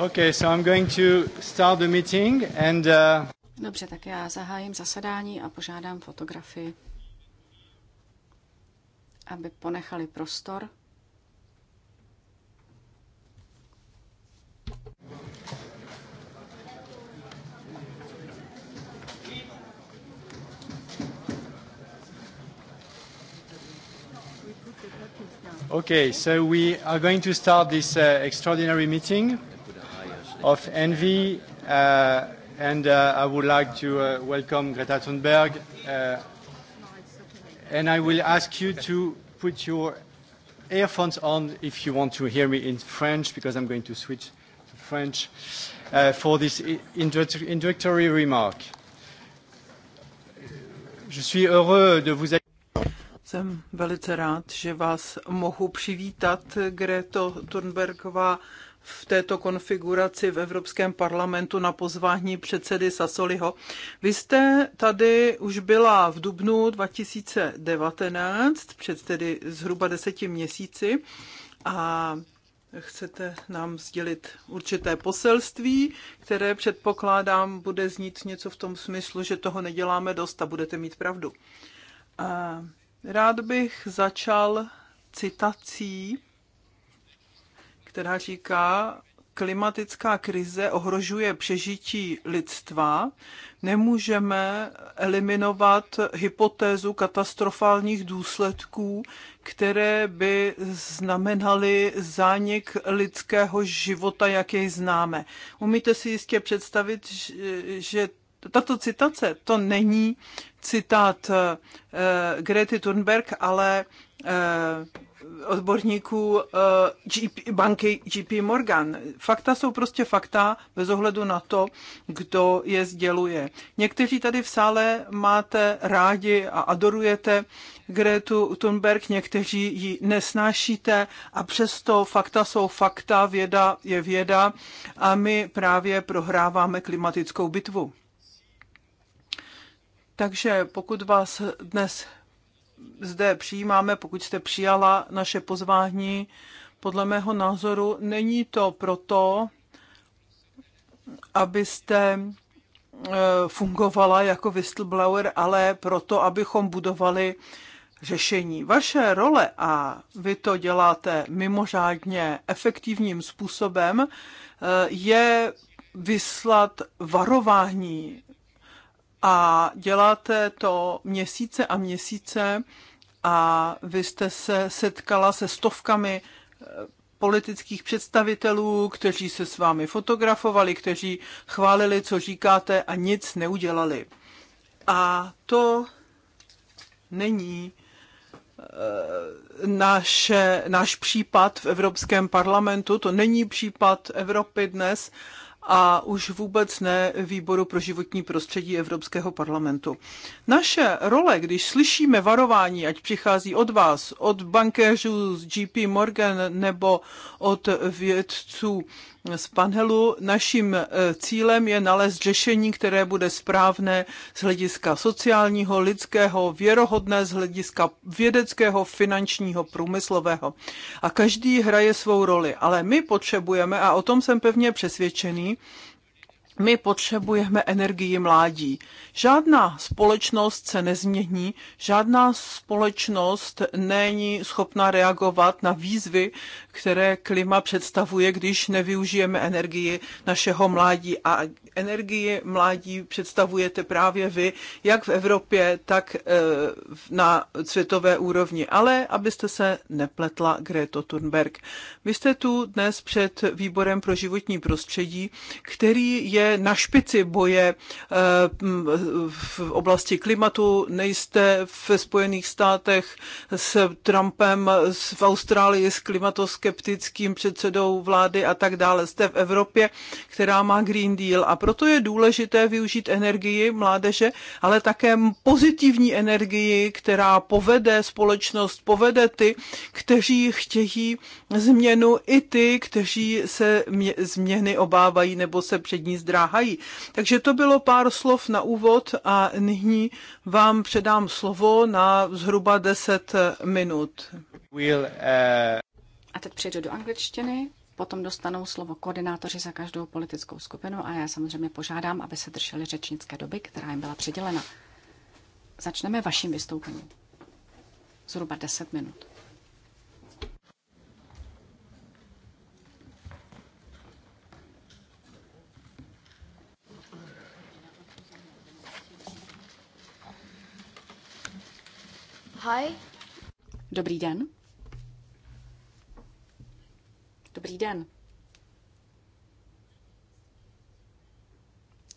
Okay, so I'm going to start the meeting and, uh... Dobře, tak já zahájím zasedání a požádám fotografy, aby ponechali prostor. Okay, so we are going to start this uh, extraordinary meeting of Envy, uh, and uh, I would like to uh, welcome Greta Thunberg. Uh, and I will ask you to put your earphones on if you want to hear me in French, because I'm going to switch to French uh, for this introductory remark. Je suis heureux de vous Jsem velice rád, že vás mohu přivítat, Greto Thunbergová v této konfiguraci v Evropském parlamentu na pozvání předsedy Sasoliho. Vy jste tady už byla v dubnu 2019, před tedy zhruba deseti měsíci a chcete nám sdělit určité poselství, které předpokládám bude znít něco v tom smyslu, že toho neděláme dost a budete mít pravdu. Rád bych začal citací která říká, klimatická krize ohrožuje přežití lidstva, nemůžeme eliminovat hypotézu katastrofálních důsledků, které by znamenaly zánik lidského života, jak jej známe. Umíte si jistě představit, že tato citace, to není citát uh, Grety Thunberg, ale uh, odborníků eh, GP, banky JP Morgan. Fakta jsou prostě fakta bez ohledu na to, kdo je sděluje. Někteří tady v sále máte rádi a adorujete Gretu Thunberg, někteří ji nesnášíte a přesto fakta jsou fakta, věda je věda a my právě prohráváme klimatickou bitvu. Takže pokud vás dnes zde přijímáme, pokud jste přijala naše pozvání, podle mého názoru není to proto, abyste eh, fungovala jako whistleblower, ale proto, abychom budovali řešení. Vaše role, a vy to děláte mimořádně efektivním způsobem, eh, je vyslat varování a děláte to měsíce a měsíce a vy jste se setkala se stovkami eh, politických představitelů, kteří se s vámi fotografovali, kteří chválili, co říkáte a nic neudělali. A to není eh, naše, náš případ v Evropském parlamentu, to není případ Evropy dnes a už vůbec ne výboru pro životní prostředí Evropského parlamentu. Naše role, když slyšíme varování, ať přichází od vás, od bankéřů z JP Morgan nebo od vědců z panelu. Naším eh, cílem je nalézt řešení, které bude správné z hlediska sociálního, lidského, věrohodné z hlediska vědeckého, finančního, průmyslového. A každý hraje svou roli, ale my potřebujeme, a o tom jsem pevně přesvědčený, my potřebujeme energii mládí. Žádná společnost se nezmění, žádná společnost není schopna reagovat na výzvy, které klima představuje, když nevyužijeme energii našeho mládí. A energii mládí představujete právě vy, jak v Evropě, tak e, na světové úrovni. Ale abyste se nepletla, Greto Thunberg. Vy jste tu dnes před výborem pro životní prostředí, který je na špici boje e, v oblasti klimatu. Nejste ve Spojených státech s Trumpem, v Austrálii s klimatovským skeptickým předsedou vlády a tak dále. Jste v Evropě, která má Green Deal a proto je důležité využít energii mládeže, ale také pozitivní energii, která povede společnost, povede ty, kteří chtějí změnu i ty, kteří se mě, změny obávají nebo se před ní zdráhají. Takže to bylo pár slov na úvod a nyní vám předám slovo na zhruba 10 minut. We'll, uh... A teď přejdu do angličtiny, potom dostanou slovo koordinátoři za každou politickou skupinu a já samozřejmě požádám, aby se drželi řečnické doby, která jim byla přidělena. Začneme vaším vystoupením. Zhruba 10 minut. Hi. Dobrý den. Dobrý den.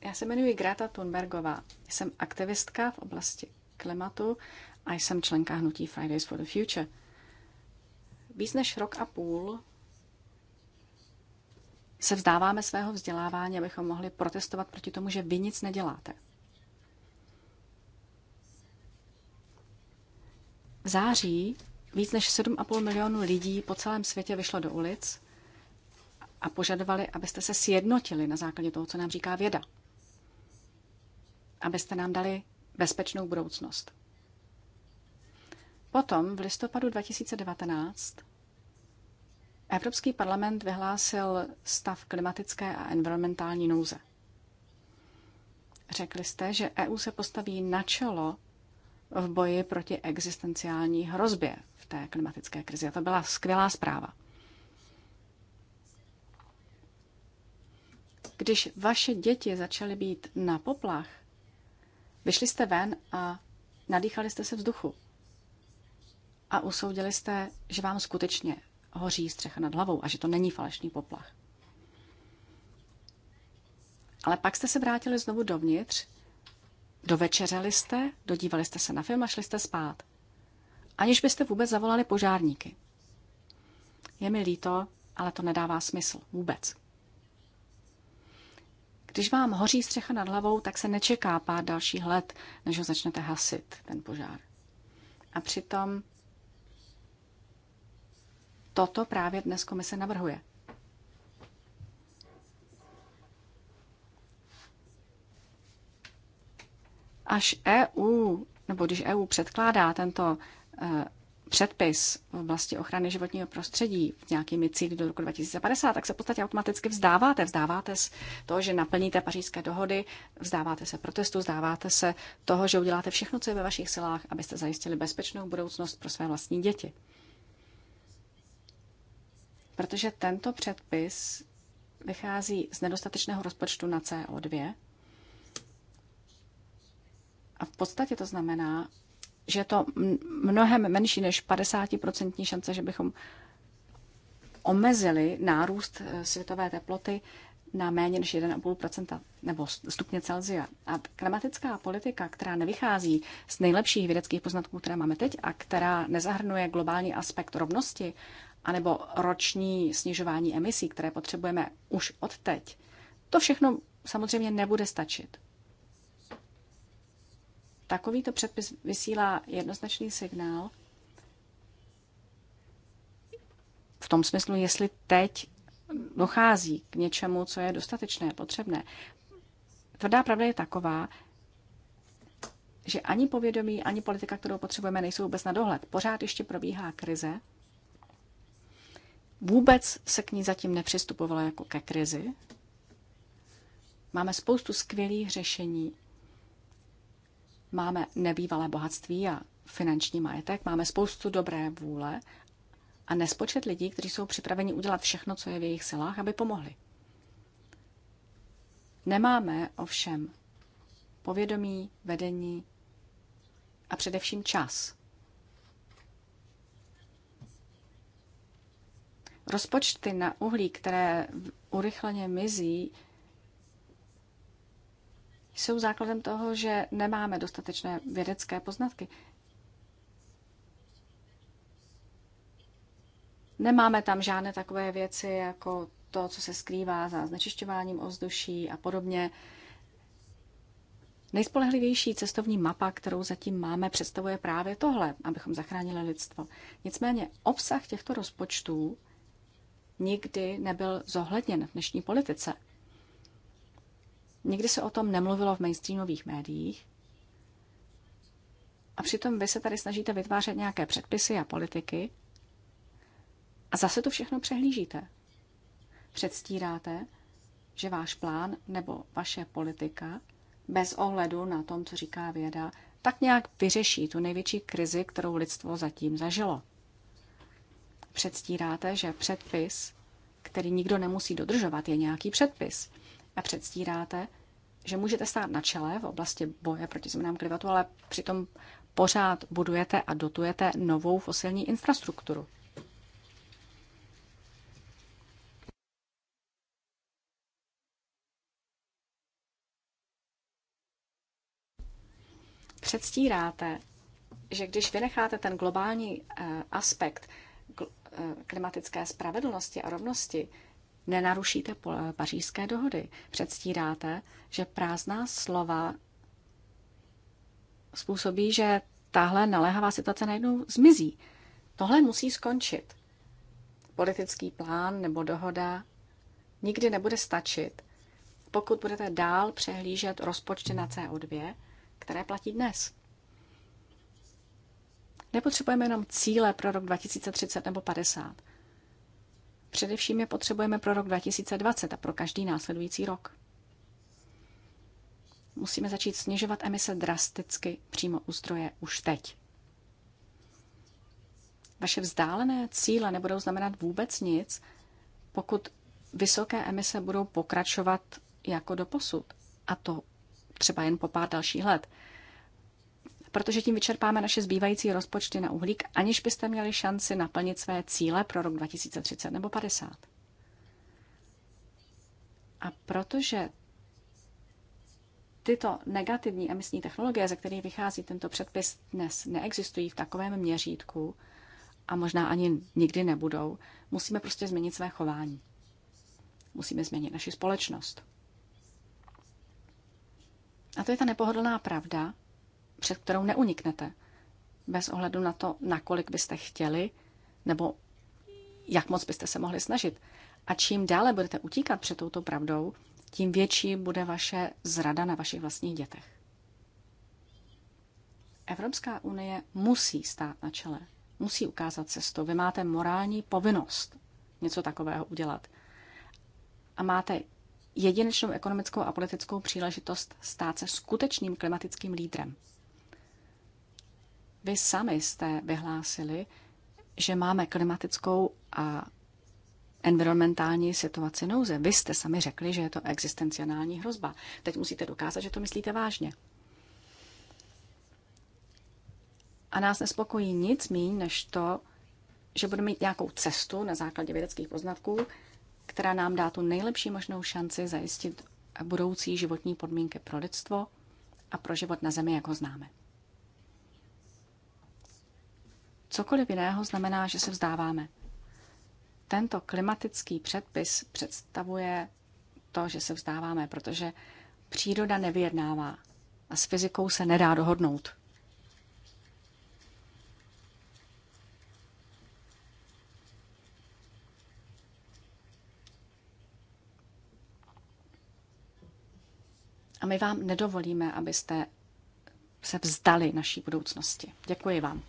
Já se jmenuji Greta Thunbergová. Jsem aktivistka v oblasti klimatu a jsem členka hnutí Fridays for the Future. Víc než rok a půl se vzdáváme svého vzdělávání, abychom mohli protestovat proti tomu, že vy nic neděláte. V září Víc než 7,5 milionu lidí po celém světě vyšlo do ulic a požadovali, abyste se sjednotili na základě toho, co nám říká věda. Abyste nám dali bezpečnou budoucnost. Potom v listopadu 2019 Evropský parlament vyhlásil stav klimatické a environmentální nouze. Řekli jste, že EU se postaví na čelo v boji proti existenciální hrozbě v té klimatické krizi. A to byla skvělá zpráva. Když vaše děti začaly být na poplach, vyšli jste ven a nadýchali jste se vzduchu. A usoudili jste, že vám skutečně hoří střecha nad hlavou a že to není falešný poplach. Ale pak jste se vrátili znovu dovnitř Dovečeřeli jste, dodívali jste se na film a šli jste spát. Aniž byste vůbec zavolali požárníky. Je mi líto, ale to nedává smysl vůbec. Když vám hoří střecha nad hlavou, tak se nečeká pár dalších let, než ho začnete hasit, ten požár. A přitom toto právě dnes komise navrhuje. Až EU, nebo když EU předkládá tento eh, předpis v oblasti ochrany životního prostředí s nějakými cíly do roku 2050, tak se v podstatě automaticky vzdáváte. Vzdáváte z toho, že naplníte pařížské dohody, vzdáváte se protestu, vzdáváte se toho, že uděláte všechno, co je ve vašich silách, abyste zajistili bezpečnou budoucnost pro své vlastní děti. Protože tento předpis vychází z nedostatečného rozpočtu na CO2, a v podstatě to znamená, že je to mnohem menší než 50% šance, že bychom omezili nárůst eh, světové teploty na méně než 1,5 nebo stupně Celzia. A klimatická politika, která nevychází z nejlepších vědeckých poznatků, které máme teď, a která nezahrnuje globální aspekt rovnosti, anebo roční snižování emisí, které potřebujeme už od teď, to všechno samozřejmě nebude stačit. Takovýto předpis vysílá jednoznačný signál v tom smyslu, jestli teď dochází k něčemu, co je dostatečné, potřebné. Tvrdá pravda je taková, že ani povědomí, ani politika, kterou potřebujeme, nejsou vůbec na dohled. Pořád ještě probíhá krize. Vůbec se k ní zatím nepřistupovalo jako ke krizi. Máme spoustu skvělých řešení, Máme nebývalé bohatství a finanční majetek, máme spoustu dobré vůle a nespočet lidí, kteří jsou připraveni udělat všechno, co je v jejich silách, aby pomohli. Nemáme ovšem povědomí, vedení a především čas. Rozpočty na uhlí, které urychleně mizí, jsou základem toho, že nemáme dostatečné vědecké poznatky. Nemáme tam žádné takové věci, jako to, co se skrývá za znečišťováním ovzduší a podobně. Nejspolehlivější cestovní mapa, kterou zatím máme, představuje právě tohle, abychom zachránili lidstvo. Nicméně obsah těchto rozpočtů nikdy nebyl zohledněn v dnešní politice. Nikdy se o tom nemluvilo v mainstreamových médiích. A přitom vy se tady snažíte vytvářet nějaké předpisy a politiky a zase to všechno přehlížíte. Předstíráte, že váš plán nebo vaše politika bez ohledu na tom, co říká věda, tak nějak vyřeší tu největší krizi, kterou lidstvo zatím zažilo. Předstíráte, že předpis, který nikdo nemusí dodržovat, je nějaký předpis a předstíráte, že můžete stát na čele v oblasti boje proti změnám klimatu, ale přitom pořád budujete a dotujete novou fosilní infrastrukturu. Předstíráte, že když vynecháte ten globální eh, aspekt eh, klimatické spravedlnosti a rovnosti, nenarušíte pařížské dohody. Předstíráte, že prázdná slova způsobí, že tahle naléhavá situace najednou zmizí. Tohle musí skončit. Politický plán nebo dohoda nikdy nebude stačit, pokud budete dál přehlížet rozpočty na CO2, které platí dnes. Nepotřebujeme jenom cíle pro rok 2030 nebo 50. Především je potřebujeme pro rok 2020 a pro každý následující rok. Musíme začít snižovat emise drasticky přímo u zdroje už teď. Vaše vzdálené cíle nebudou znamenat vůbec nic, pokud vysoké emise budou pokračovat jako do posud, A to třeba jen po pár dalších let protože tím vyčerpáme naše zbývající rozpočty na uhlík, aniž byste měli šanci naplnit své cíle pro rok 2030 nebo 50. A protože tyto negativní emisní technologie, ze kterých vychází tento předpis, dnes neexistují v takovém měřítku a možná ani nikdy nebudou, musíme prostě změnit své chování. Musíme změnit naši společnost. A to je ta nepohodlná pravda, před kterou neuniknete. Bez ohledu na to, nakolik byste chtěli, nebo jak moc byste se mohli snažit. A čím dále budete utíkat před touto pravdou, tím větší bude vaše zrada na vašich vlastních dětech. Evropská unie musí stát na čele, musí ukázat cestu. Vy máte morální povinnost něco takového udělat. A máte jedinečnou ekonomickou a politickou příležitost stát se skutečným klimatickým lídrem. Vy sami jste vyhlásili, že máme klimatickou a environmentální situaci nouze. Vy jste sami řekli, že je to existenciální hrozba. Teď musíte dokázat, že to myslíte vážně. A nás nespokojí nic méně, než to, že budeme mít nějakou cestu na základě vědeckých poznatků, která nám dá tu nejlepší možnou šanci zajistit budoucí životní podmínky pro lidstvo a pro život na Zemi, jak ho známe. Cokoliv jiného znamená, že se vzdáváme. Tento klimatický předpis představuje to, že se vzdáváme, protože příroda nevyjednává a s fyzikou se nedá dohodnout. A my vám nedovolíme, abyste se vzdali naší budoucnosti. Děkuji vám.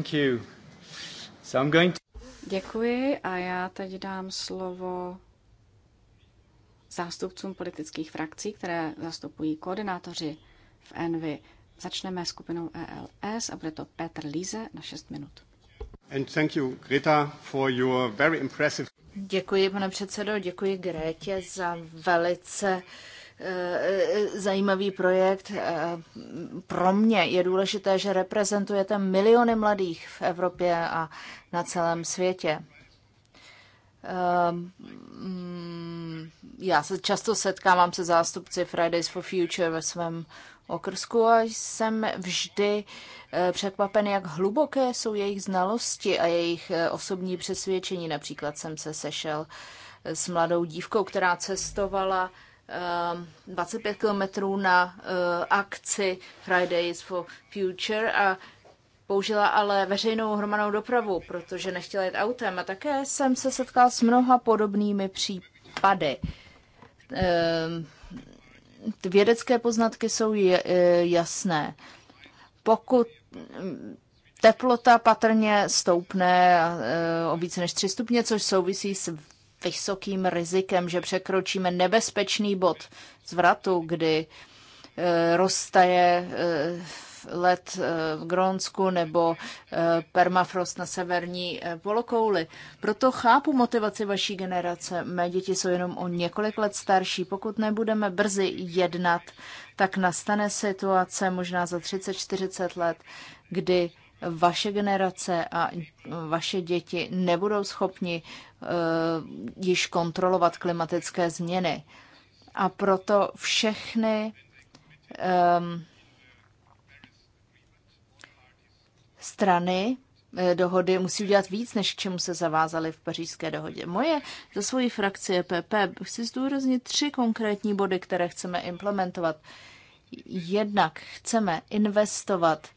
Thank you. So I'm going to... Děkuji a já teď dám slovo zástupcům politických frakcí, které zastupují koordinátoři v Envy. Začneme skupinou ELS a bude to Petr Líze na 6 minut. And thank you, Greta, for your very impressive... Děkuji, pane předsedo, děkuji Grétě za velice uh, Eh, zajímavý projekt. Eh, pro mě je důležité, že reprezentujete miliony mladých v Evropě a na celém světě. Eh, mm, já se často setkávám se zástupci Fridays for Future ve svém okrsku a jsem vždy překvapen, jak hluboké jsou jejich znalosti a jejich osobní přesvědčení. Například jsem se sešel s mladou dívkou, která cestovala 25 eh, kilometrů na eh, akci Fridays for Future a použila ale veřejnou hromadnou dopravu, protože nechtěla jít autem. A také jsem se setkal s mnoha podobnými případy. Eh, vědecké poznatky jsou jasné. Pokud teplota patrně stoupne o více než 3 stupně, což souvisí s vysokým rizikem, že překročíme nebezpečný bod zvratu, kdy e, roztaje e, led e, v Grónsku nebo permafrost na severní polokouli. Proto chápu motivaci vaší generace. Mé děti jsou jenom o několik let starší. Pokud nebudeme brzy jednat, tak nastane situace možná za 30-40 let, kdy vaše generace a vaše děti nebudou schopni uh, již kontrolovat klimatické změny. A proto všechny um, strany eh, dohody musí udělat víc, než k čemu se zavázali v pařížské dohodě. Moje za svoji frakci PP e chci zdůraznit tři konkrétní body, které chceme implementovat. Jednak chceme investovat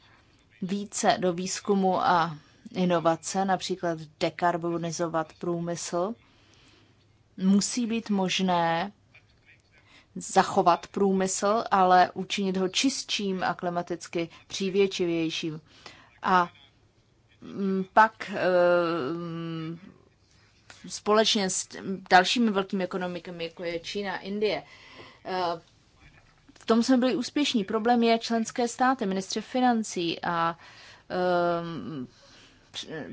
více do výzkumu a inovace, například dekarbonizovat průmysl, musí být možné zachovat průmysl, ale učinit ho čistším a klimaticky přívětivějším. A mm, pak eh, společně s dalšími velkými ekonomikami, jako je Čína, Indie, eh, v tom jsme byli úspěšní. Problém je členské státy, ministři financí a um,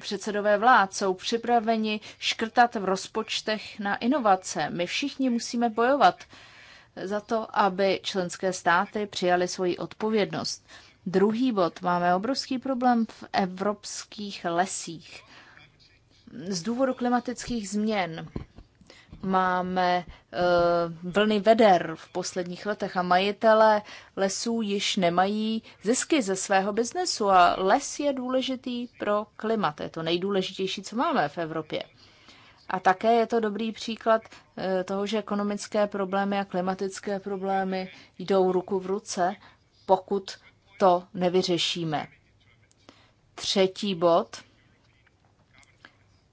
předsedové vlád jsou připraveni škrtat v rozpočtech na inovace. My všichni musíme bojovat za to, aby členské státy přijaly svoji odpovědnost. Druhý bod. Máme obrovský problém v evropských lesích. Z důvodu klimatických změn máme eh, vlny veder v posledních letech a majitele lesů již nemají zisky ze svého biznesu a les je důležitý pro klimat. Je to nejdůležitější, co máme v Evropě. A také je to dobrý příklad eh, toho, že ekonomické problémy a klimatické problémy jdou ruku v ruce, pokud to nevyřešíme. Třetí bod –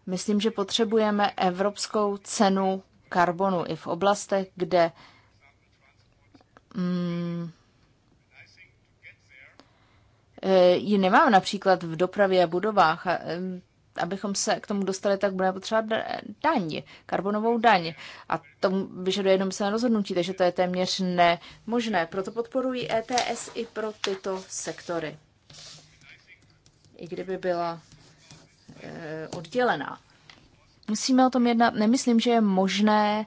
Myslím, že potřebujeme evropskou cenu karbonu i v oblastech, kde mm, eh, ji nemáme například v dopravě a budovách. A, eh, abychom se k tomu dostali, tak budeme potřebovat daň, karbonovou daň. A to vyžaduje jenom se rozhodnutí, takže to je téměř nemožné. Proto podporuji ETS i pro tyto sektory. I kdyby byla Eh, oddělená. Musíme o tom jednat. Nemyslím, že je možné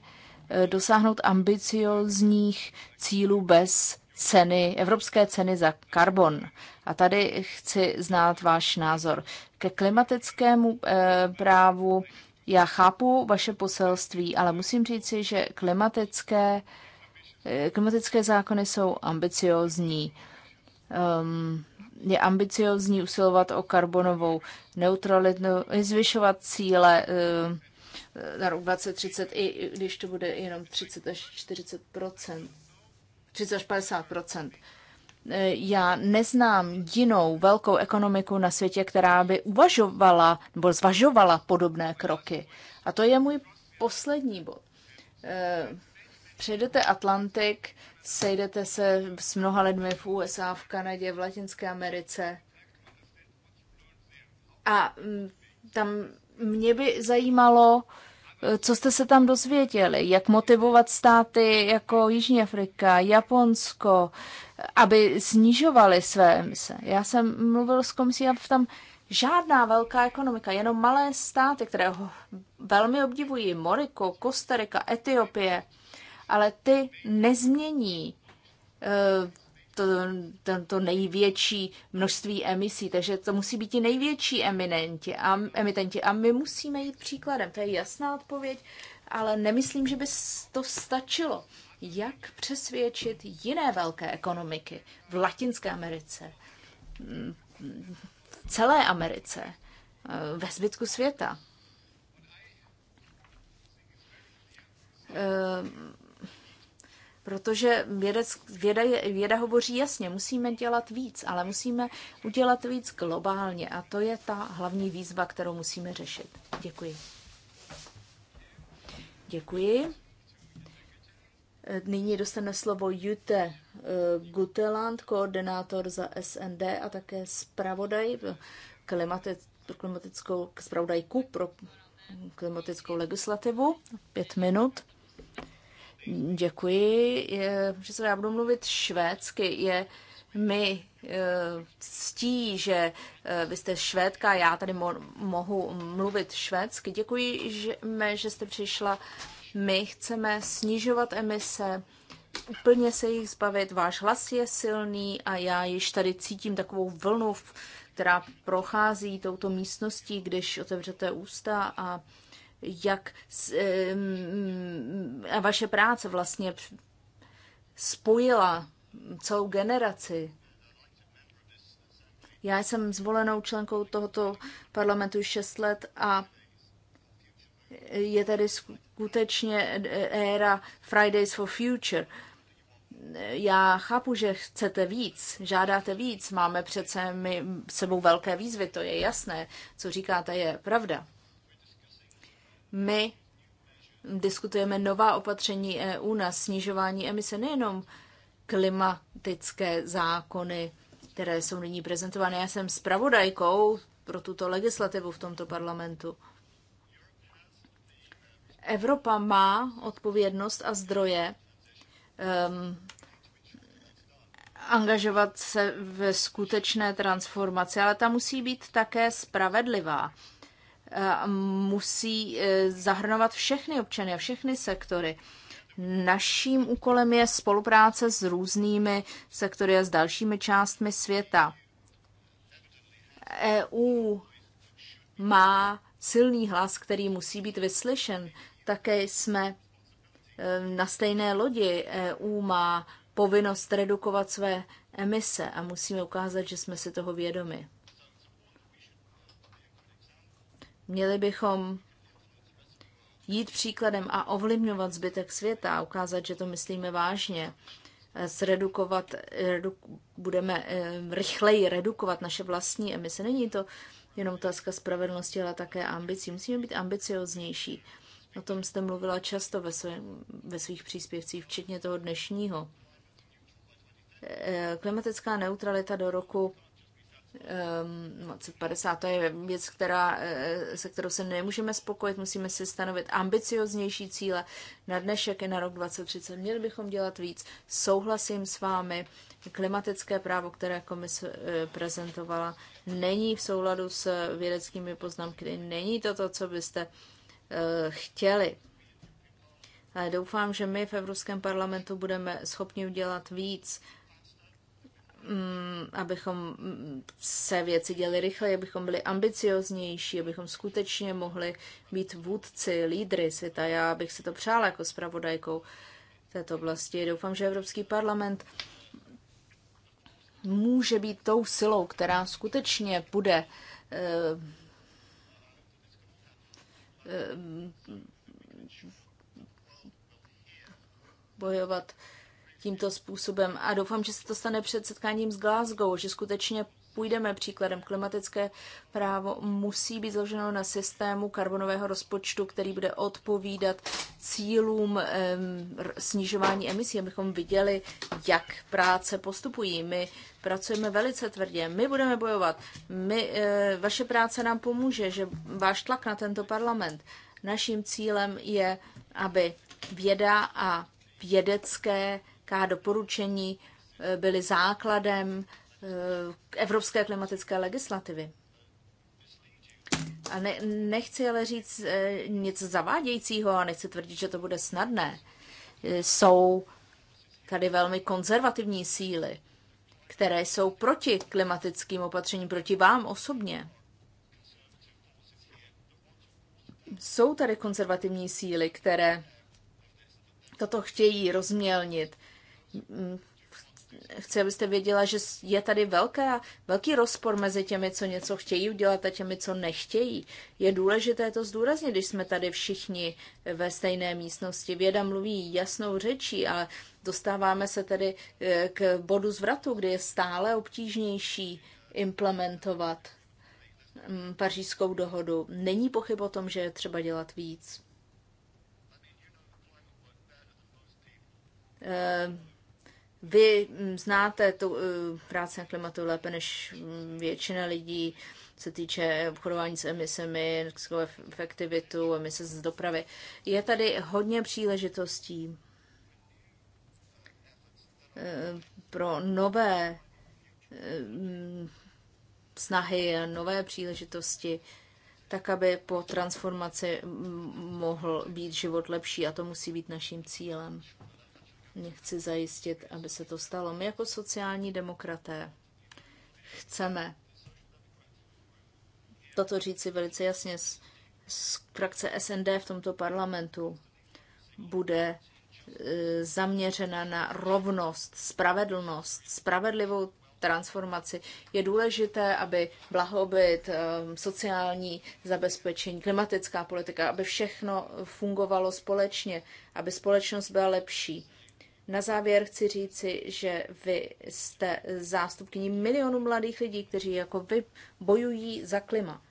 eh, dosáhnout ambiciozních cílů bez ceny, evropské ceny za karbon. A tady chci znát váš názor. Ke klimatickému eh, právu já chápu vaše poselství, ale musím říci, že klimatické, klimatické zákony jsou ambiciozní. Um, je ambiciozní usilovat o karbonovou neutralitu, zvyšovat cíle eh, na rok 2030, i když to bude jenom 30 až 40 30 až 50 eh, já neznám jinou velkou ekonomiku na světě, která by uvažovala nebo zvažovala podobné kroky. A to je můj poslední bod. Eh, přejdete Atlantik Sejdete se s mnoha lidmi v USA, v Kanadě, v Latinské Americe. A mm, tam mě by zajímalo, co jste se tam dozvěděli, jak motivovat státy jako Jižní Afrika, Japonsko, aby snižovali své emise. Já jsem mluvil s komisí a tam žádná velká ekonomika, jenom malé státy, které ho velmi obdivují, Moriko, Kostarika, Etiopie, ale ty nezmění eh, to, to největší množství emisí, takže to musí být i největší eminenti a, emitenti a my musíme jít příkladem, to je jasná odpověď, ale nemyslím, že by to stačilo. Jak přesvědčit jiné velké ekonomiky v Latinské Americe, v celé Americe, eh, ve zbytku světa? Eh, Protože vědec, věda, věda hovoří jasně, musíme dělat víc, ale musíme udělat víc globálně. A to je ta hlavní výzva, kterou musíme řešit. Děkuji. Děkuji. Nyní dostane slovo Jute eh, Guteland, koordinátor za SND a také zpravodaj klimatickou, zpravodajku pro klimatickou legislativu. Pět minut. Děkuji, je, že se já budu mluvit švédsky. Je mi e, ctí, že e, vy jste švédka, já tady mo- mohu mluvit švédsky. Děkuji, že, že jste přišla. My chceme snižovat emise, úplně se jich zbavit. Váš hlas je silný a já již tady cítím takovou vlnu, která prochází touto místností, když otevřete ústa a jak a vaše práce vlastně spojila celou generaci. Já jsem zvolenou členkou tohoto parlamentu 6 let a je tady skutečně éra Fridays for Future. Já chápu, že chcete víc, žádáte víc, máme přece my sebou velké výzvy, to je jasné, co říkáte je pravda. My diskutujeme nová opatření EU na snižování emise, nejenom klimatické zákony, které jsou nyní prezentovány. Já jsem zpravodajkou pro tuto legislativu v tomto parlamentu. Evropa má odpovědnost a zdroje um, angažovat se ve skutečné transformaci, ale ta musí být také spravedlivá musí e, zahrnovat všechny občany a všechny sektory. Naším úkolem je spolupráce s různými sektory a s dalšími částmi světa. EU má silný hlas, který musí být vyslyšen. Také jsme e, na stejné lodi. EU má povinnost redukovat své emise a musíme ukázat, že jsme si toho vědomi. Měli bychom jít příkladem a ovlivňovat zbytek světa, ukázat, že to myslíme vážně, zredukovat, budeme eh, rychleji redukovat naše vlastní emise. Není to jenom otázka spravedlnosti, ale také ambicí. Musíme být ambicioznější. O tom jste mluvila často ve, své, ve svých příspěvcích, včetně toho dnešního. Eh, klimatická neutralita do roku 2050 ehm, to je věc, která, eh, se kterou se nemůžeme spokojit, musíme si stanovit ambicioznější cíle na dnešek i na rok 2030. Měli bychom dělat víc. Souhlasím s vámi, klimatické právo, které komise eh, prezentovala, není v souladu s vědeckými poznámky, není to to, co byste eh, chtěli. Ale doufám, že my v Evropském parlamentu budeme schopni udělat víc Mm, abychom mm, se věci děli rychleji, abychom byli ambicioznější, abychom skutečně mohli být vůdci, lídry světa. Já bych si to přála jako zpravodajkou této oblasti. Doufám, že Evropský parlament může být tou silou, která skutečně bude eh, eh, bojovat uh, uh, tímto způsobem. A doufám, že se to stane před setkáním s Glasgow, že skutečně půjdeme příkladem. Klimatické právo musí být založeno na systému karbonového rozpočtu, který bude odpovídat cílům snižování emisí, abychom viděli, jak práce postupují. My pracujeme velice tvrdě, my budeme bojovat, my, e, vaše práce nám pomůže, že váš tlak na tento parlament. Naším cílem je, aby věda a vědecké jaká doporučení eh, byly základem eh, evropské klimatické legislativy. A ne, nechci ale říct eh, nic zavádějícího a nechci tvrdit, že to bude snadné. Jsou tady velmi konzervativní síly, které jsou proti klimatickým opatřením, proti vám osobně. Jsou tady konzervativní síly, které toto chtějí rozmělnit, Mm, chci, abyste věděla, že je tady velká, velký rozpor mezi těmi, co něco chtějí udělat a těmi, co nechtějí. Je důležité to zdůraznit, když jsme tady všichni ve stejné místnosti. Věda mluví jasnou řečí, ale dostáváme se tedy eh, k bodu zvratu, kdy je stále obtížnější implementovat mm, pařížskou dohodu. Není pochyb o tom, že je třeba dělat víc. Eh, vy mm, znáte tu eh, práci na klimatu lépe než mm, většina lidí, se týče obchodování s emisemi, efektivitu, emise z dopravy. Je tady hodně příležitostí eh, pro nové eh, mm, snahy a nové příležitosti, tak aby po transformaci mohl být život lepší a to musí být naším cílem chci zajistit, aby se to stalo. My jako sociální demokraté chceme toto říci velice jasně z, z frakce SND v tomto parlamentu bude e, zaměřena na rovnost, spravedlnost, spravedlivou transformaci. Je důležité, aby blahobyt, e, sociální zabezpečení, klimatická politika, aby všechno fungovalo společně, aby společnost byla lepší. Na závěr chci říci, že vy jste zástupkyní milionů mladých lidí, kteří jako vy bojují za klima,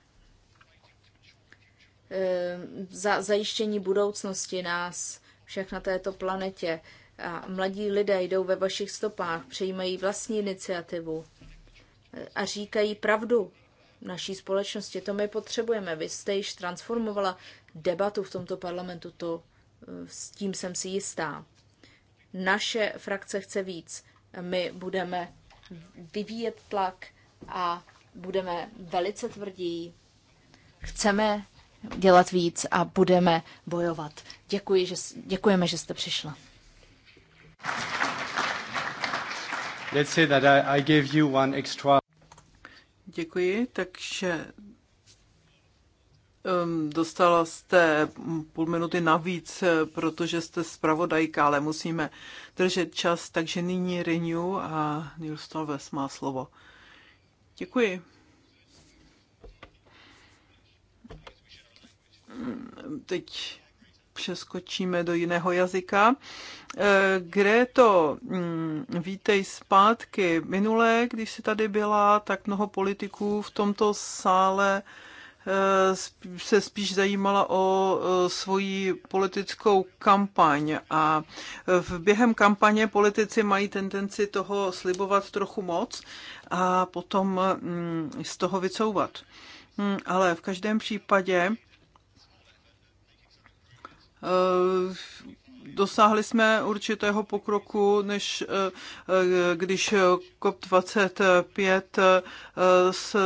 ehm, za zajištění budoucnosti nás všech na této planetě. A mladí lidé jdou ve vašich stopách, přijímají vlastní iniciativu eh, a říkají pravdu naší společnosti. To my potřebujeme. Vy jste již transformovala debatu v tomto parlamentu, to, eh, s tím jsem si jistá. Naše frakce chce víc. My budeme vyvíjet tlak a budeme velice tvrdí. Chceme dělat víc a budeme bojovat. Děkuji, že, děkujeme, že jste přišla. Let's say that I, I gave you one extra. Děkuji, takže Dostala jste půl minuty navíc, eh, protože jste zpravodajka, ale musíme držet čas, takže nyní Renew a Nils Torves má slovo. Děkuji. Teď přeskočíme do jiného jazyka. Eh, to? Mm, vítej zpátky. Minulé, když jsi tady byla, tak mnoho politiků v tomto sále se spíš zajímala o e, svoji politickou kampaň a e, v během kampaně politici mají tendenci toho slibovat trochu moc a potom mm, z toho vycouvat. Mm, ale v každém případě e, dosáhli jsme určitého pokroku, než eh, eh, když COP25 eh,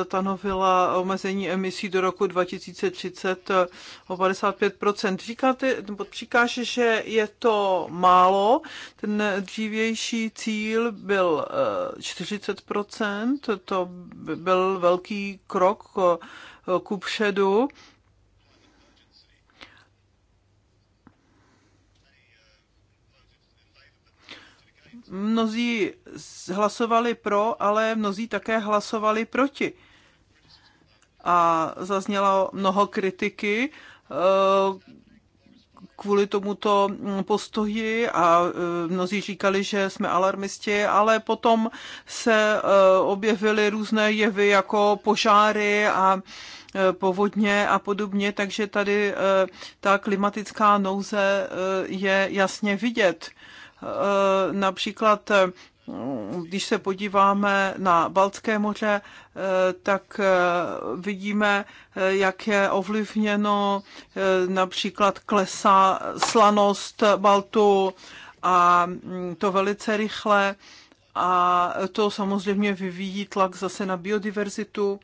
stanovila omezení emisí do roku 2030 o 55 Říkáte, nebo říkáš, že je to málo. Ten dřívější cíl byl 40 to byl velký krok ku předu mnozí hlasovali pro, ale mnozí také hlasovali proti. A zaznělo mnoho kritiky eh, kvůli tomuto postoji a eh, mnozí říkali, že jsme alarmisti, ale potom se eh, objevily různé jevy jako požáry a povodně a podobně, takže tady ta klimatická nouze je jasně vidět. Eh, například eh, když se podíváme na Baltské moře, eh, tak vidíme, jak je ovlivněno například klesá slanost Baltu a mm, to velice rychle a to samozřejmě vyvíjí tlak zase na biodiverzitu.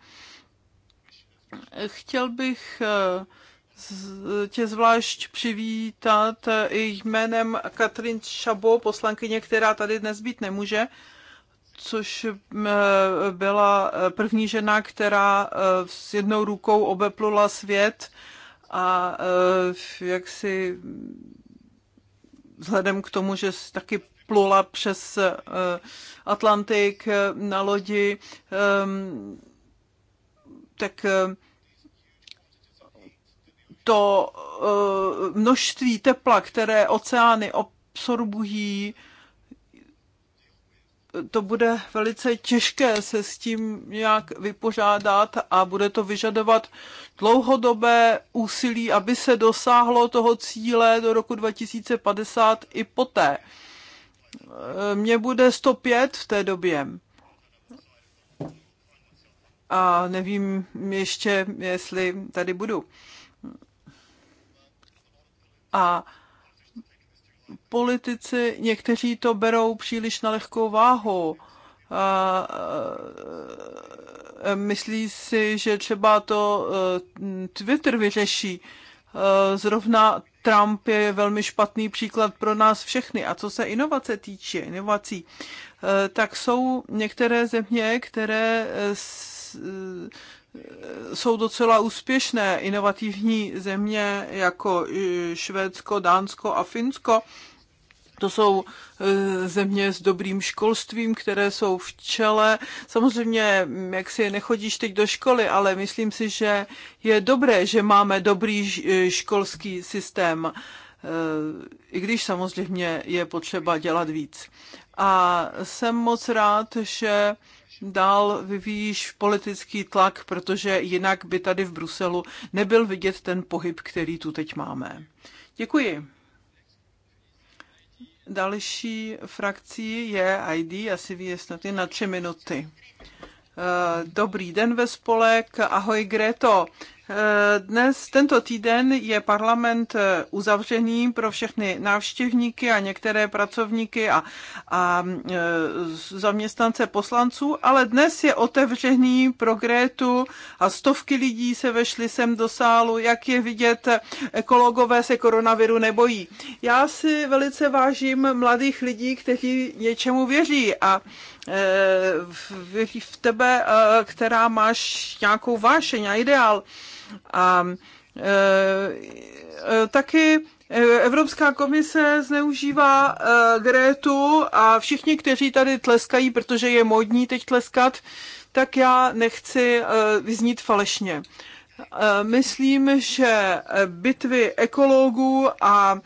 Chtěl bych tě zvlášť přivítat i jménem Katrin Šabo, poslankyně, která tady dnes být nemůže, což byla e, první žena, která e, s jednou rukou obeplula svět a e, jak si vzhledem k tomu, že taky plula přes Atlantik na lodi, tak to eh, množství tepla, které oceány absorbují, to bude velice těžké se s tím nějak vypořádat a bude to vyžadovat dlouhodobé úsilí, aby se dosáhlo toho cíle do roku 2050 i poté. Eh, mně bude 105 v té době. A nevím ještě, jestli tady budu a politici, někteří to berou příliš na lehkou váhu. A e, myslí si, že třeba to e, Twitter vyřeší. E, zrovna Trump je velmi špatný příklad pro nás všechny. A co se inovace týče, inovací, tak jsou některé země, které jsou docela úspěšné inovativní země jako e, Švédsko, Dánsko a Finsko. To jsou e, země s dobrým školstvím, které jsou v čele. Samozřejmě, mm, jak si nechodíš teď do školy, ale myslím si, že je dobré, že máme dobrý e, školský systém, i když samozřejmě je potřeba dělat víc. A jsem moc rád, že dál vyvíjíš politický tlak, protože jinak by tady v Bruselu nebyl vidět ten pohyb, který tu teď máme. Děkuji. Další frakcí je ID, asi ví, snad na tři minuty. Eh, dobrý den ve spolek, ahoj Greto. Dnes, tento týden je parlament eh, uzavřený pro všechny návštěvníky a některé pracovníky a, a eh, zaměstnance poslanců, ale dnes je otevřený pro Grétu a stovky lidí se vešly sem do sálu, jak je vidět, ekologové se koronaviru nebojí. Já si velice vážím mladých lidí, kteří něčemu věří a Eh, v tebe, eh, která máš nějakou vášeň a ideál. A eh, taky Evropská komise zneužívá uh, Grétu a všichni, kteří tady tleskají, protože je modní, teď tleskat, tak já nechci uh, vyznít falešně. Myslím, že bitvy ekologů a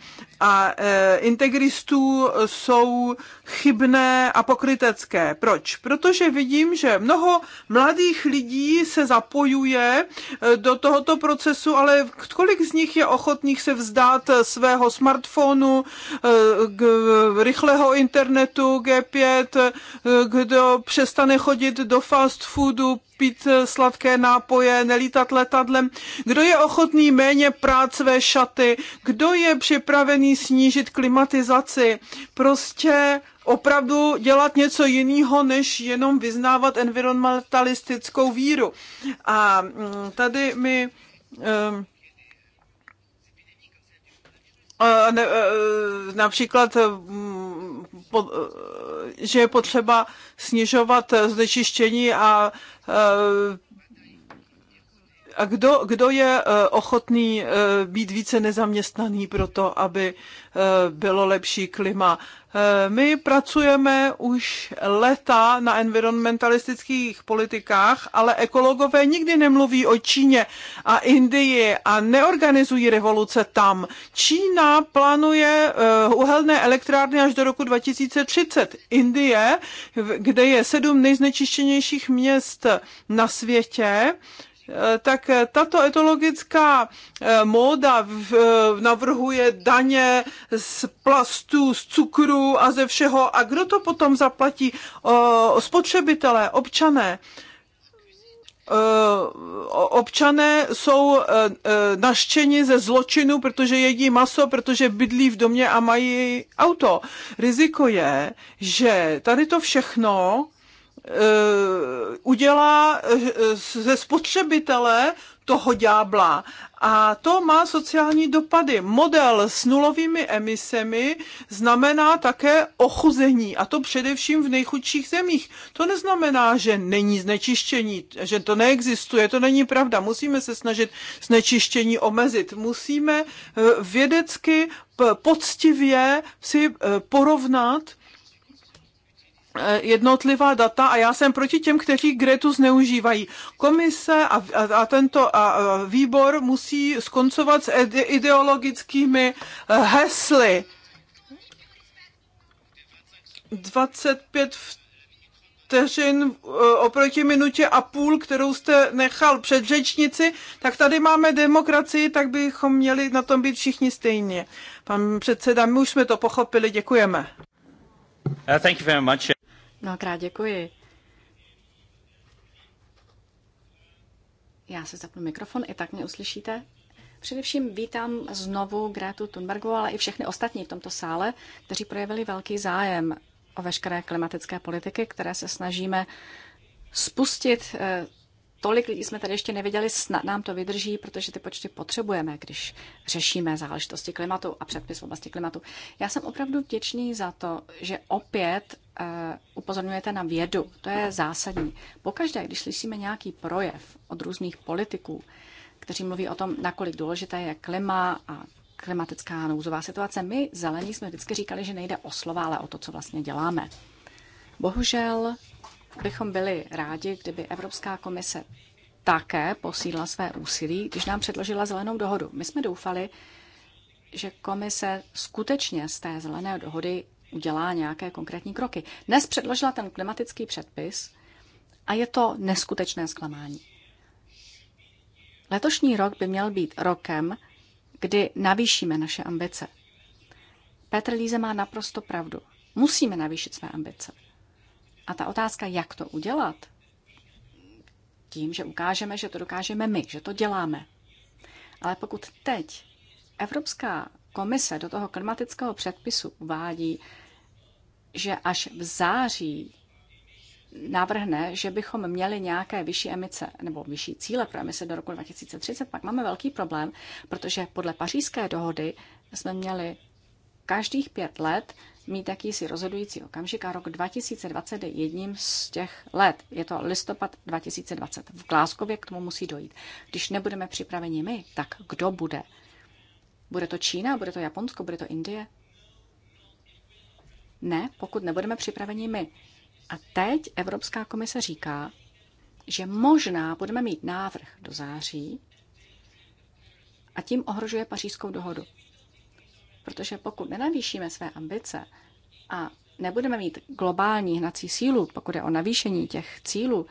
a e, integristů jsou chybné a pokrytecké. Proč? Protože vidím, že mnoho mladých lidí se zapojuje e, do tohoto procesu, ale kolik z nich je ochotných se vzdát svého smartfonu, e, rychlého internetu G5, kdo přestane chodit do fast foodu, pít sladké nápoje, nelítat letadlem, kdo je ochotný méně prát své šaty, kdo je připravený snížit klimatizaci, prostě opravdu dělat něco jiného, než jenom vyznávat environmentalistickou víru. A mm, tady my e, například, mm, e, že je potřeba snižovat znečištění a e, a kdo, kdo je eh, ochotný eh, být více nezaměstnaný pro to, aby eh, bylo lepší klima? My pracujeme už leta na environmentalistických politikách, ale ekologové nikdy nemluví o Číně a Indii a neorganizují revoluce tam. Čína plánuje uhelné elektrárny až do roku 2030. Indie, kde je sedm nejznečištěnějších měst na světě, Eh, tak eh, tato etologická eh, móda navrhuje daně z plastů, z cukru a ze všeho. A kdo to potom zaplatí? Spotřebitelé, občané občané jsou naštěni ze zločinu, protože jedí maso, protože bydlí v domě a mají auto. Riziko je, že tady to všechno Eh, udělá eh, ze spotřebitele toho ďábla. A to má sociální dopady. Model s nulovými emisemi znamená také ochuzení, a to především v nejchudších zemích. To neznamená, že není znečištění, že to neexistuje, to není pravda. Musíme se snažit znečištění omezit. Musíme eh, vědecky poctivě si porovnat Eh, jednotlivá data a já jsem proti těm, kteří Gretu zneužívají. Komise a, a, a tento a, a výbor musí skoncovat s ideologickými eh, hesly. 25 vteřin eh, oproti minutě a půl, kterou jste nechal před řečnici, tak tady máme demokracii, tak bychom měli na tom být všichni stejně. Pan předseda, my už jsme to pochopili, děkujeme. Uh, thank you very much. Mnohokrát děkuji. Já se zapnu mikrofon, i tak mě uslyšíte. Především vítám znovu Grétu Thunbergovou, ale i všechny ostatní v tomto sále, kteří projevili velký zájem o veškeré klimatické politiky, které se snažíme spustit eh, tolik lidí jsme tady ještě neviděli, snad nám to vydrží, protože ty počty potřebujeme, když řešíme záležitosti klimatu a předpis v oblasti klimatu. Já jsem opravdu vděčný za to, že opět uh, upozorňujete na vědu. To je zásadní. Pokaždé, když slyšíme nějaký projev od různých politiků, kteří mluví o tom, nakolik důležité je klima a klimatická nouzová situace, my zelení jsme vždycky říkali, že nejde o slova, ale o to, co vlastně děláme. Bohužel bychom byli rádi, kdyby Evropská komise také posílila své úsilí, když nám předložila zelenou dohodu. My jsme doufali, že komise skutečně z té zelené dohody udělá nějaké konkrétní kroky. Dnes předložila ten klimatický předpis a je to neskutečné zklamání. Letošní rok by měl být rokem, kdy navýšíme naše ambice. Petr Líze má naprosto pravdu. Musíme navýšit své ambice. A ta otázka, jak to udělat, tím, že ukážeme, že to dokážeme my, že to děláme. Ale pokud teď Evropská komise do toho klimatického předpisu uvádí, že až v září navrhne, že bychom měli nějaké vyšší emice nebo vyšší cíle pro emise do roku 2030, pak máme velký problém, protože podle pařížské dohody jsme měli každých pět let mít jakýsi rozhodující okamžik a rok 2020 je jedním z těch let. Je to listopad 2020. V Gláskově k tomu musí dojít. Když nebudeme připraveni my, tak kdo bude? Bude to Čína, bude to Japonsko, bude to Indie? Ne, pokud nebudeme připraveni my. A teď Evropská komise říká, že možná budeme mít návrh do září a tím ohrožuje pařížskou dohodu. Protože pokud nenavýšíme své ambice a nebudeme mít globální hnací sílu, pokud je o navýšení těch cílů,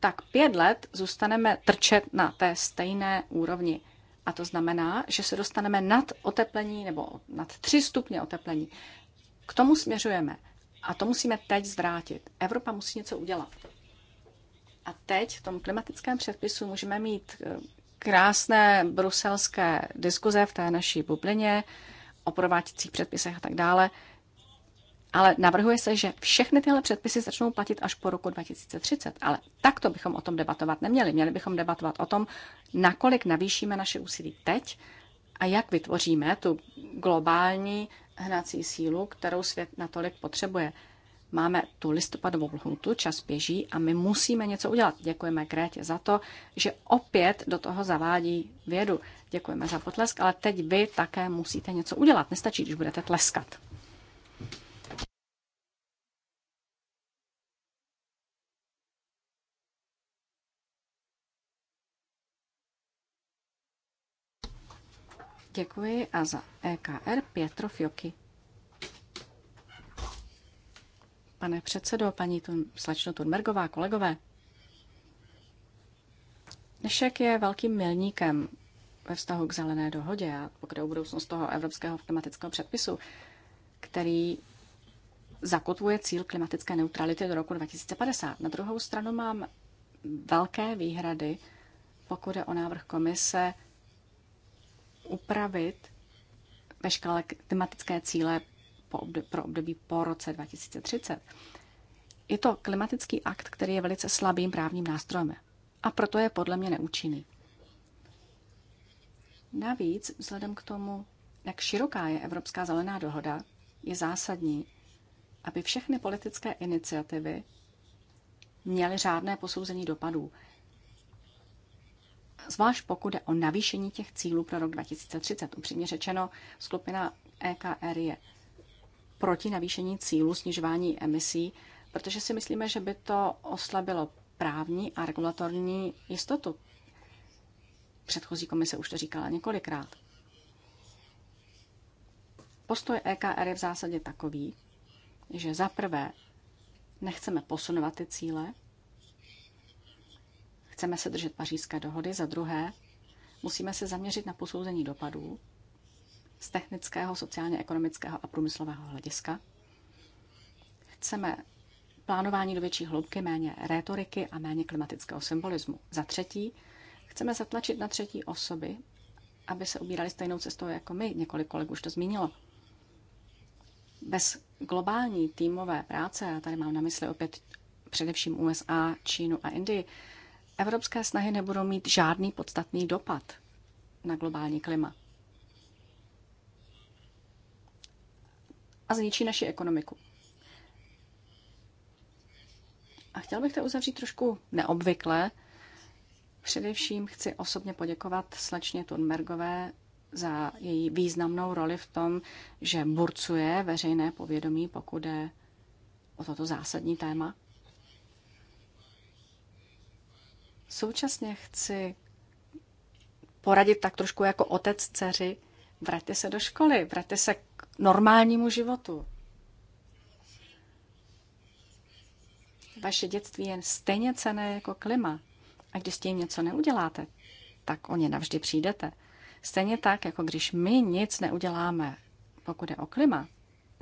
tak pět let zůstaneme trčet na té stejné úrovni. A to znamená, že se dostaneme nad oteplení nebo nad tři stupně oteplení. K tomu směřujeme. A to musíme teď zvrátit. Evropa musí něco udělat. A teď v tom klimatickém předpisu můžeme mít eh, krásné bruselské diskuze v té naší bublině, o prováděcích předpisech a tak dále. Ale navrhuje se, že všechny tyhle předpisy začnou platit až po roku 2030. Ale takto bychom o tom debatovat neměli. Měli bychom debatovat o tom, nakolik navýšíme naše úsilí teď a jak vytvoříme tu globální hnací sílu, kterou svět natolik potřebuje. Máme tu listopadovou lhůtu, čas běží a my musíme něco udělat. Děkujeme Grétě za to, že opět do toho zavádí vědu. Děkujeme za potlesk, ale teď vy také musíte něco udělat. Nestačí, když budete tleskat. Děkuji a za EKR Pietro Fioky. Pane předsedo, paní tun, slečno Tunbergová, kolegové, dnešek je velkým milníkem ve vztahu k zelené dohodě a pokud je o budoucnost toho evropského klimatického předpisu, který zakotvuje cíl klimatické neutrality do roku 2050. Na druhou stranu mám velké výhrady, pokud je o návrh komise upravit veškeré klimatické cíle pro období po roce 2030, je to klimatický akt, který je velice slabým právním nástrojem a proto je podle mě neúčinný. Navíc, vzhledem k tomu, jak široká je Evropská zelená dohoda, je zásadní, aby všechny politické iniciativy měly řádné posouzení dopadů, zvlášť pokud je o navýšení těch cílů pro rok 2030. Upřímně řečeno, skupina EKR je proti navýšení cílu snižování emisí, protože si myslíme, že by to oslabilo právní a regulatorní jistotu. Předchozí komise už to říkala několikrát. Postoj EKR je v zásadě takový, že za prvé nechceme posunovat ty cíle, chceme se držet pařížské dohody, za druhé musíme se zaměřit na posouzení dopadů z technického, sociálně-ekonomického a průmyslového hlediska. Chceme plánování do větší hloubky, méně rétoriky a méně klimatického symbolismu. Za třetí, chceme zatlačit na třetí osoby, aby se ubírali stejnou cestou jako my. Několik kolegů už to zmínilo. Bez globální týmové práce, a tady mám na mysli opět především USA, Čínu a Indii, evropské snahy nebudou mít žádný podstatný dopad na globální klima. a zničí naši ekonomiku. A chtěl bych to uzavřít trošku neobvykle. Především chci osobně poděkovat slečně Thunbergové za její významnou roli v tom, že burcuje veřejné povědomí, pokud je o toto zásadní téma. Současně chci poradit tak trošku jako otec dceři, vraťte se do školy, vraťte se normálnímu životu. Vaše dětství je stejně cené jako klima. A když s tím něco neuděláte, tak o ně navždy přijdete. Stejně tak, jako když my nic neuděláme, pokud je o klima,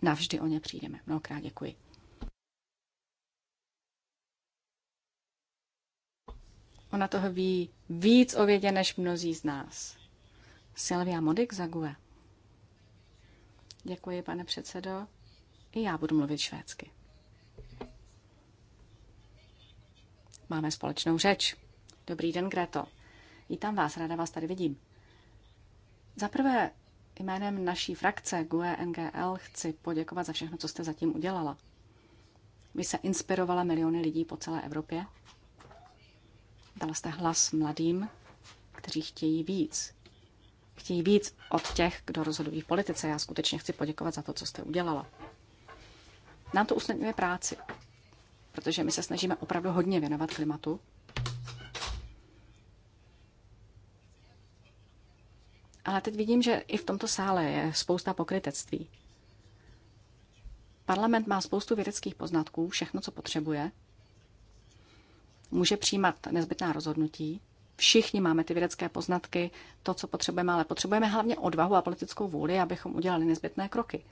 navždy o ně přijdeme. Mnohokrát děkuji. Ona toho ví víc o vědě než mnozí z nás. Silvia Modik Zague. Děkuji, pane předsedo. I já budu mluvit švédsky. Máme společnou řeč. Dobrý den, Greto. Vítám vás, ráda vás tady vidím. Za prvé, jménem naší frakce GUE NGL chci poděkovat za všechno, co jste zatím udělala. Vy se inspirovala miliony lidí po celé Evropě. Dala jste hlas mladým, kteří chtějí víc, chtějí víc od těch, kdo rozhodují v politice. Já skutečně chci poděkovat za to, co jste udělala. Nám to usnadňuje práci, protože my se snažíme opravdu hodně věnovat klimatu. Ale teď vidím, že i v tomto sále je spousta pokrytectví. Parlament má spoustu vědeckých poznatků, všechno, co potřebuje. Může přijímat nezbytná rozhodnutí, Všichni máme ty vědecké poznatky, to, co potřebujeme, ale potřebujeme hlavně odvahu a politickou vůli, abychom udělali nezbytné kroky.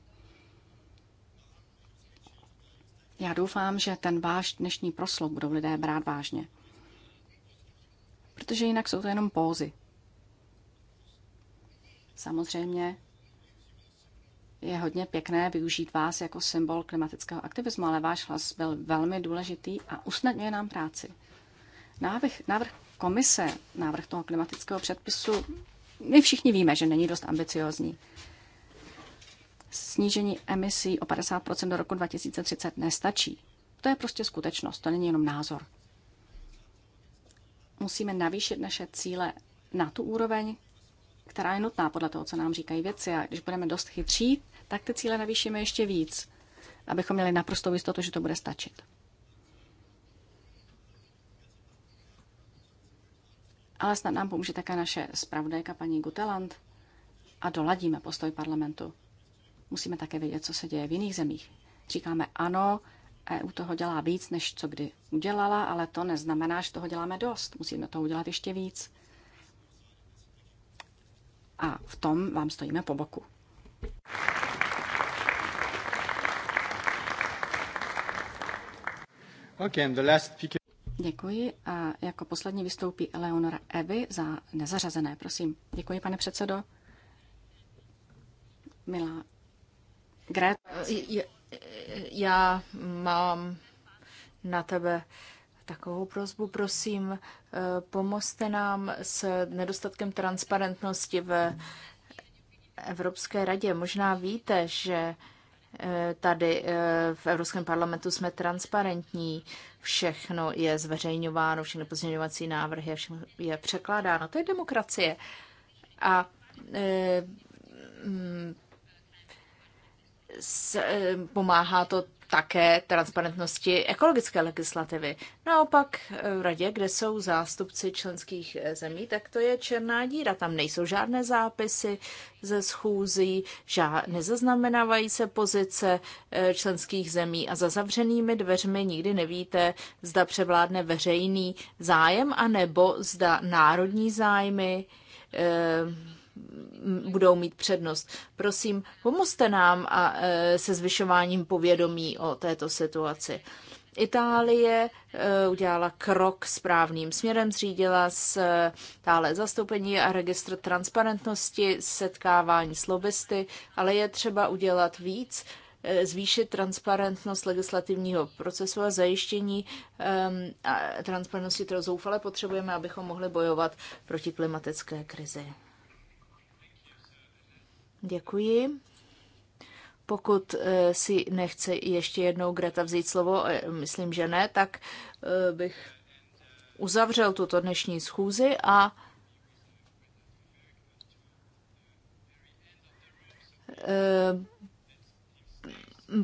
Já doufám, že ten váš dnešní proslov budou lidé brát vážně. Protože jinak jsou to jenom pózy. Samozřejmě je hodně pěkné využít vás jako symbol klimatického aktivismu, ale váš hlas byl velmi důležitý a usnadňuje nám práci. Návrh, návrh komise, návrh toho klimatického předpisu, my všichni víme, že není dost ambiciozní. Snížení emisí o 50 do roku 2030 nestačí. To je prostě skutečnost, to není jenom názor. Musíme navýšit naše cíle na tu úroveň, která je nutná podle toho, co nám říkají věci. A když budeme dost chytří, tak ty cíle navýšíme ještě víc, abychom měli naprostou jistotu, že to bude stačit. ale snad nám pomůže také naše spravodajka paní Guteland a doladíme postoj parlamentu. Musíme také vědět, co se děje v jiných zemích. Říkáme ano, EU toho dělá víc, než co kdy udělala, ale to neznamená, že toho děláme dost. Musíme toho udělat ještě víc. A v tom vám stojíme po boku. Okay, and the last speaker... Děkuji a jako poslední vystoupí Eleonora Evy za nezařazené, prosím. Děkuji, pane předsedo. Milá Gret. Já mám na tebe takovou prozbu, prosím, pomozte nám s nedostatkem transparentnosti v Evropské radě. Možná víte, že Eh, tady eh, v Evropském parlamentu jsme transparentní, všechno je zveřejňováno, všechny pozměňovací návrhy, všechno je překládáno. To je demokracie. A eh, mm, pomáhá to také transparentnosti ekologické legislativy. Naopak v radě, kde jsou zástupci členských eh, zemí, tak to je černá díra. Tam nejsou žádné zápisy ze schůzí, nezaznamenávají se pozice eh, členských zemí a za zavřenými dveřmi nikdy nevíte, zda převládne veřejný zájem anebo zda národní zájmy eh, budou mít přednost. Prosím, pomozte nám a, e, se zvyšováním povědomí o této situaci. Itálie e, udělala krok správným směrem, zřídila s tále e, zastoupení a registr transparentnosti, setkávání s lobbysty, ale je třeba udělat víc, zvýšit transparentnost legislativního procesu a zajištění um, a transparentnosti, kterou zoufale potřebujeme, abychom mohli bojovat proti klimatické krizi. Děkuji. Pokud eh, si nechce ještě jednou Greta vzít slovo, myslím, že ne, tak eh, bych uzavřel tuto dnešní schůzi a eh,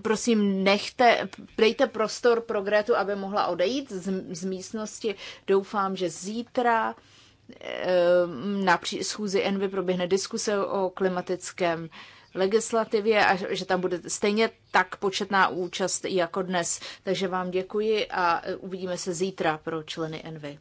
prosím, nechte, dejte prostor pro Gretu, aby mohla odejít z, z místnosti. Doufám, že zítra Ehm, na schůzi Envy proběhne diskuse o klimatickém legislativě a že tam bude stejně tak početná účast jako dnes. Takže vám děkuji a e, uvidíme se zítra pro členy Envy.